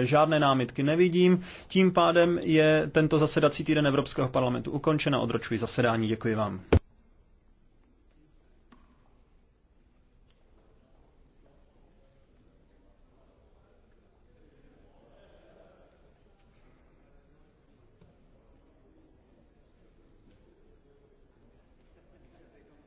E, žádné námitky nevidím, tím pádem je tento zasedací týden Evropského parlamentu ukončen a odročuji zasedání. Děkuji vám.